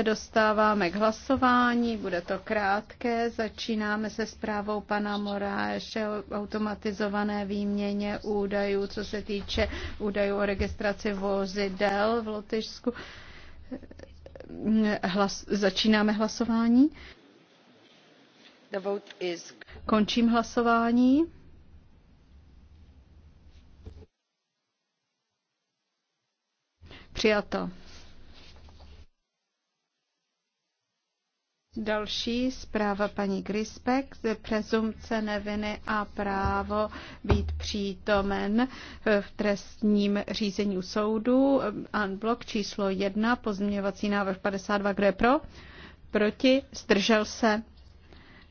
se dostáváme k hlasování, bude to krátké. Začínáme se zprávou pana Moráše o automatizované výměně údajů, co se týče údajů o registraci vozidel v Lotyšsku. Hlas, začínáme hlasování. The vote is... Končím hlasování. Přijato. Další zpráva paní Grispek, prezumce neviny a právo být přítomen v trestním řízení u soudu. Unblock číslo 1, pozměňovací návrh 52, kdo je pro? Proti, zdržel se,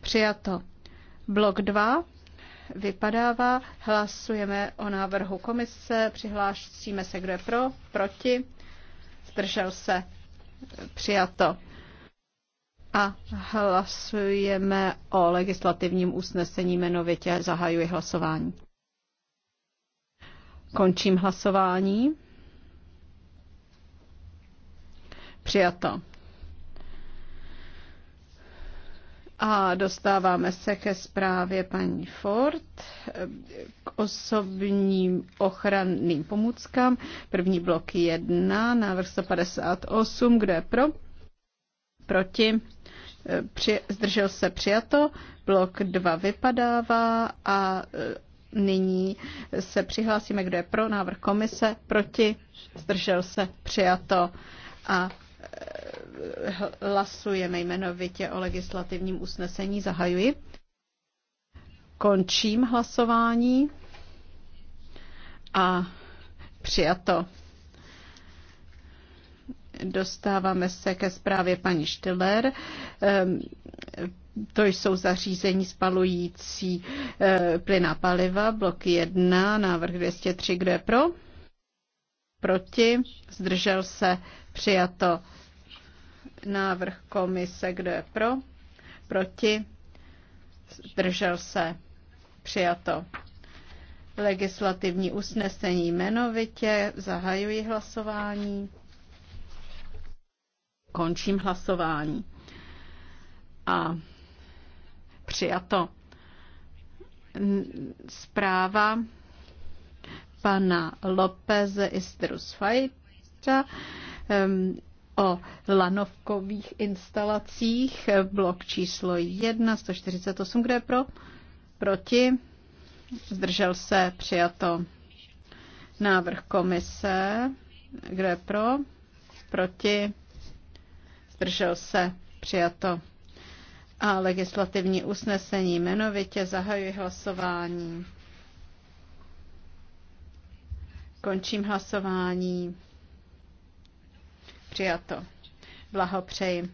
přijato. Blok 2 vypadává, hlasujeme o návrhu komise, Přihlášíme se, kdo je pro, proti, zdržel se, přijato. A hlasujeme o legislativním usnesení jmenovitě. Zahajuji hlasování. Končím hlasování. Přijato. A dostáváme se ke zprávě paní Ford k osobním ochranným pomůckám. První blok 1, návrh 158, kdo je pro? Proti? Eh, při, zdržel se přijato, blok 2 vypadává a eh, nyní se přihlásíme, kdo je pro návrh komise, proti, zdržel se přijato a eh, hlasujeme jmenovitě o legislativním usnesení. Zahajuji. Končím hlasování a přijato. Dostáváme se ke zprávě paní Štiller. Ehm, to jsou zařízení spalující eh, plyn a paliva, blok 1, návrh 203, kdo je pro? Proti? Zdržel se? Přijato. Návrh komise, kdo je pro? Proti? Zdržel se? Přijato legislativní usnesení jmenovitě. Zahajuji hlasování. Končím hlasování. A přijato. Zpráva pana López Istrus Fajta ehm, o lanovkových instalacích, blok číslo 1, 148, kde je pro, proti, zdržel se, přijato návrh komise, kde je pro, proti, zdržel se, přijato. A legislativní usnesení jmenovitě zahajuji hlasování. Končím hlasování. Přijato. Blahopřeji.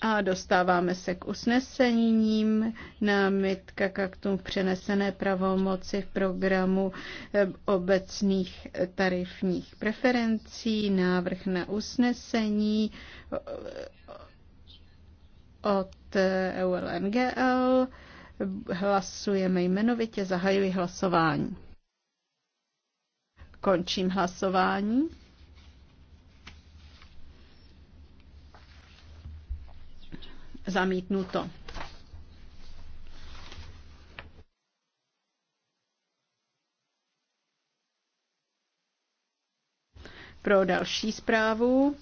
A dostáváme se k usnesením námitka k aktům v přenesené pravomoci v programu eh, obecných eh, tarifních preferencí, návrh na usnesení eh, od EULNGL. Hlasujeme jmenovitě, zahajuji hlasování. Končím hlasování. zamítnuto. Pro další zprávu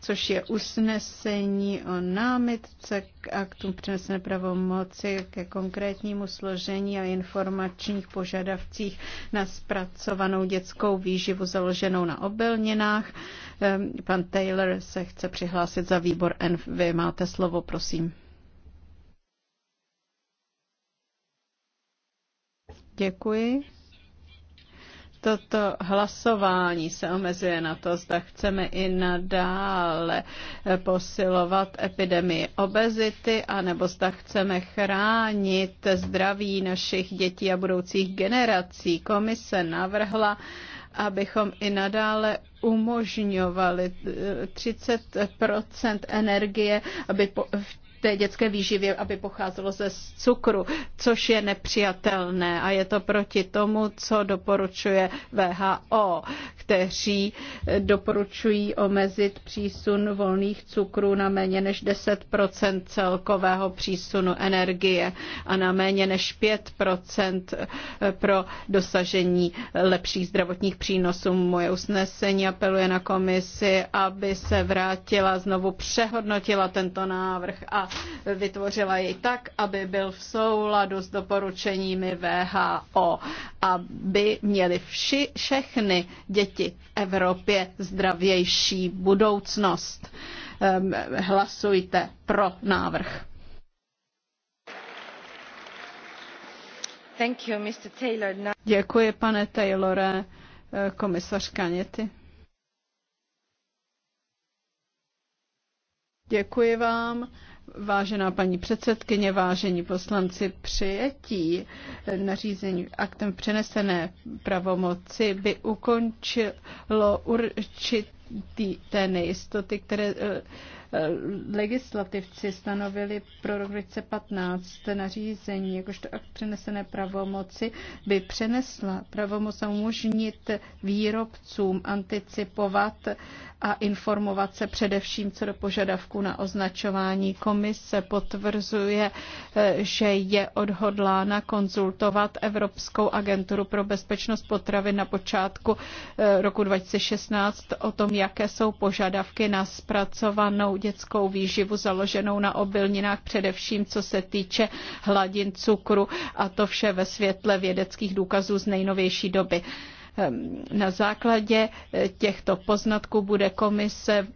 což je usnesení o námitce k aktům přenesené pravomoci ke konkrétnímu složení a informačních požadavcích na zpracovanou dětskou výživu založenou na obelněnách. Ehm, pan Taylor se chce přihlásit za výbor Nv. Vy máte slovo, prosím. Děkuji toto hlasování se omezuje na to, zda chceme i nadále eh, posilovat epidemii obezity, anebo zda chceme chránit zdraví našich dětí a budoucích generací. Komise navrhla abychom i nadále umožňovali 30 eh, energie, aby po, v té dětské výživě, aby pocházelo ze cukru, což je nepřijatelné a je to proti tomu, co doporučuje VHO kteří eh, doporučují omezit přísun volných cukrů na méně než 10 celkového přísunu energie a na méně než 5 eh, pro dosažení lepších zdravotních přínosů. Moje usnesení apeluje na komisi, aby se vrátila, znovu přehodnotila tento návrh a vytvořila jej tak, aby byl v souladu s doporučeními VHO, aby měli vši, všechny děti oblasti v Evropě zdravější budoucnost. Ehm, hlasujte pro návrh. Thank you, Mr. Taylor. Děkuji, pane Taylore, eh, komisař Kaněty. Děkuji vám. Vážená paní předsedkyně, vážení poslanci, přijetí nařízení aktem přenesené pravomoci by ukončilo určitě té nejistoty, které eh, eh, legislativci stanovili pro rok 2015 nařízení, jakožto akt přenesené pravomoci, by přenesla pravomoc a umožnit výrobcům anticipovat a informovat se především co do požadavku na označování. Komise potvrzuje, eh, že je odhodlána konzultovat Evropskou agenturu pro bezpečnost potravy na počátku roku 2016 o tom, jaké jsou požadavky na zpracovanou dětskou výživu založenou na obilninách, především co se týče hladin cukru a to vše ve světle vědeckých důkazů z nejnovější doby. Ehm, na základě eh, těchto poznatků bude komise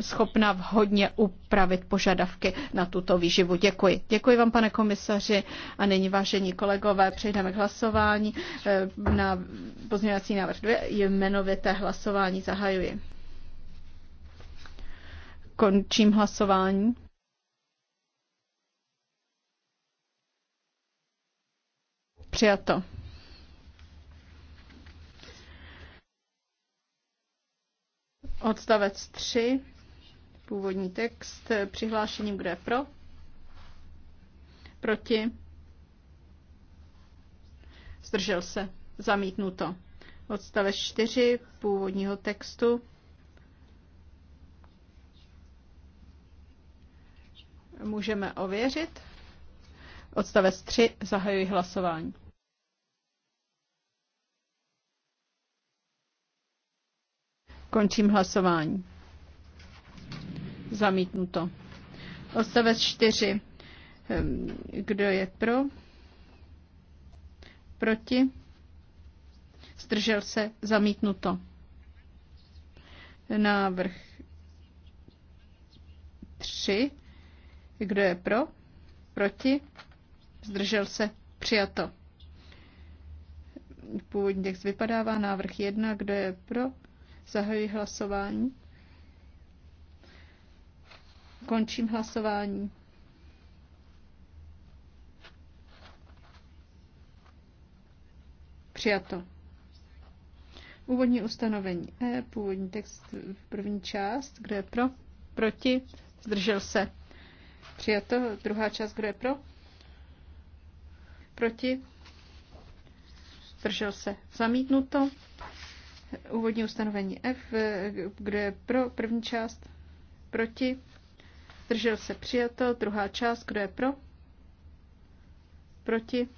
schopna vhodně upravit požadavky na tuto výživu. Děkuji. Děkuji vám, pane komisaři. A nyní, vážení kolegové, přejdeme k hlasování ehm, na pozměňovací návrh 2. Jmenovité hlasování zahajuji. Končím hlasování. Přijato. Odstavec 3, původní text, přihlášením, kdo je pro, proti, zdržel se, zamítnuto. Odstavec 4 původního textu, můžeme ověřit. Odstavec 3, zahajuji hlasování. Končím hlasování. Zamítnuto. Odstavec 4. Ehm, kdo je pro? Proti? Zdržel se? Zamítnuto. Návrh 3. Kdo je pro? Proti? Zdržel se? Přijato. Původně vypadává. Návrh 1. Kdo je pro? Zahajuji hlasování. Končím hlasování. Přijato. Úvodní ustanovení E, původní text v první část, kdo je pro, proti, zdržel se. Přijato, druhá část, kdo je pro, proti, zdržel se. Zamítnuto. Úvodní ustanovení F, kde je pro první část, proti, zdržel se přijato, druhá část, kdo je pro, proti,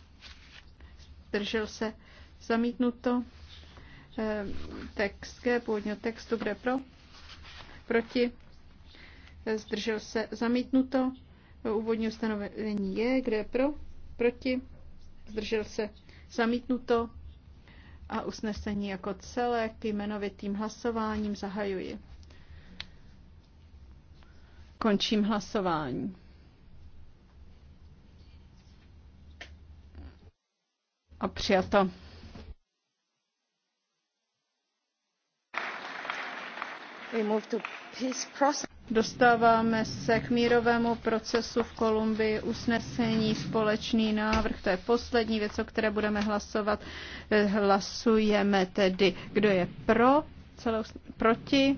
zdržel se zamítnuto, eh, text G původního textu, kde pro, proti, zdržel se zamítnuto, úvodní ustanovení je, kde pro, proti, zdržel se zamítnuto, a usnesení jako celek jmenovitým hlasováním zahajuji. Končím hlasování. A přijato. We move to peace process. Dostáváme se k mírovému procesu v Kolumbii, usnesení, společný návrh, to je poslední věc, o které budeme hlasovat. Eh, hlasujeme tedy, kdo je pro, celou, proti,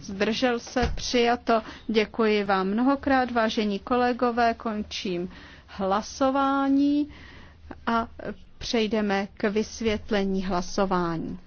zdržel se, přijato. Děkuji vám mnohokrát, vážení kolegové, končím hlasování a přejdeme k vysvětlení hlasování.